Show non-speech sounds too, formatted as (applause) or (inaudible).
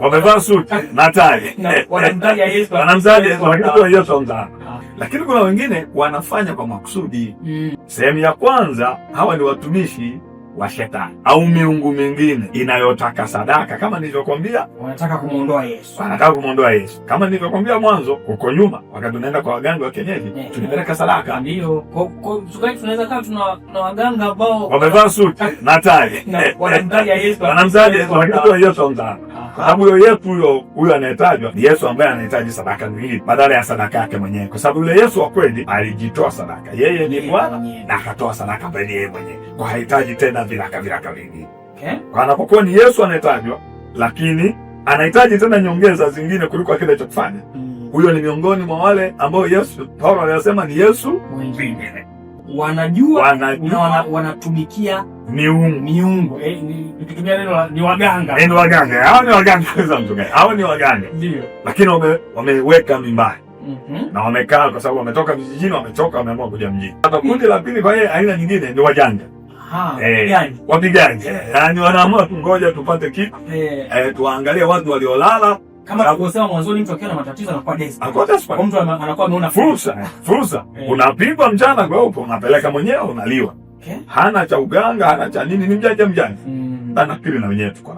wamevaa suti na tai wanamtaja Yesu, wanamtaja wanamtaja, ah. lakini kuna wengine wanafanya kwa makusudi. Mm. Sehemu ya kwanza, hawa ni watumishi wa shetani au miungu mingine inayotaka sadaka. Kama nilivyokwambia, wanataka kumwondoa Yesu, wanataka kumwondoa Yesu. Kama nilivyokwambia mwanzo, huko nyuma, wakati tunaenda kwa waganga wa kienyeji, eh. tulipeleka sadaka. Ndio tunaweza kama tuna na waganga ambao wamevaa suti (laughs) na tai, (laughs) wanamtaja Yesu, wanamtaja Yesu, wakitoa Yesu wamtana kwa sababu huyo Yesu huyo huyo anayetajwa ni Yesu ambaye anahitaji sadaka miwili badala ya sadaka yake mwenyewe, kwa sababu yule Yesu wa kweli alijitoa sadaka. Yeye ni Bwana na akatoa sadaka ambaye ni yeye mwenyewe, kwa hahitaji tena viraka viraka vingi okay. Eh? Anapokuwa ni Yesu anayetajwa, lakini anahitaji tena nyongeza zingine kuliko kile alichokifanya mm. huyo. Mm. Ni miongoni mwa wale ambao Yesu Paulo aliyasema ni Yesu mwingine, wanajua, wanajua. Na wana, wanatumikia miungu miungu, eh, neno ni waganga eh, ni waganga hao, ni waganga (laughs) za mtu gani hao? Ni waganga ndio, lakini wame, wameweka mimbari mm -hmm. na wamekaa kwa sababu wametoka vijijini, wametoka wameamua kuja mjini. Hata kundi la pili kwa yeye aina nyingine ni wajanja Eh, wapigani, yani eh. yaani wanaamua tu, ngoja tupate kitu eh, eh tuangalie watu waliolala fursa fursa, unapigwa mchana upo unapeleka mwenyewe, unaliwa, hana cha uganga, hana cha nini, ni mjanja mjanja. Mm. Nafikiri na wenyewe kwa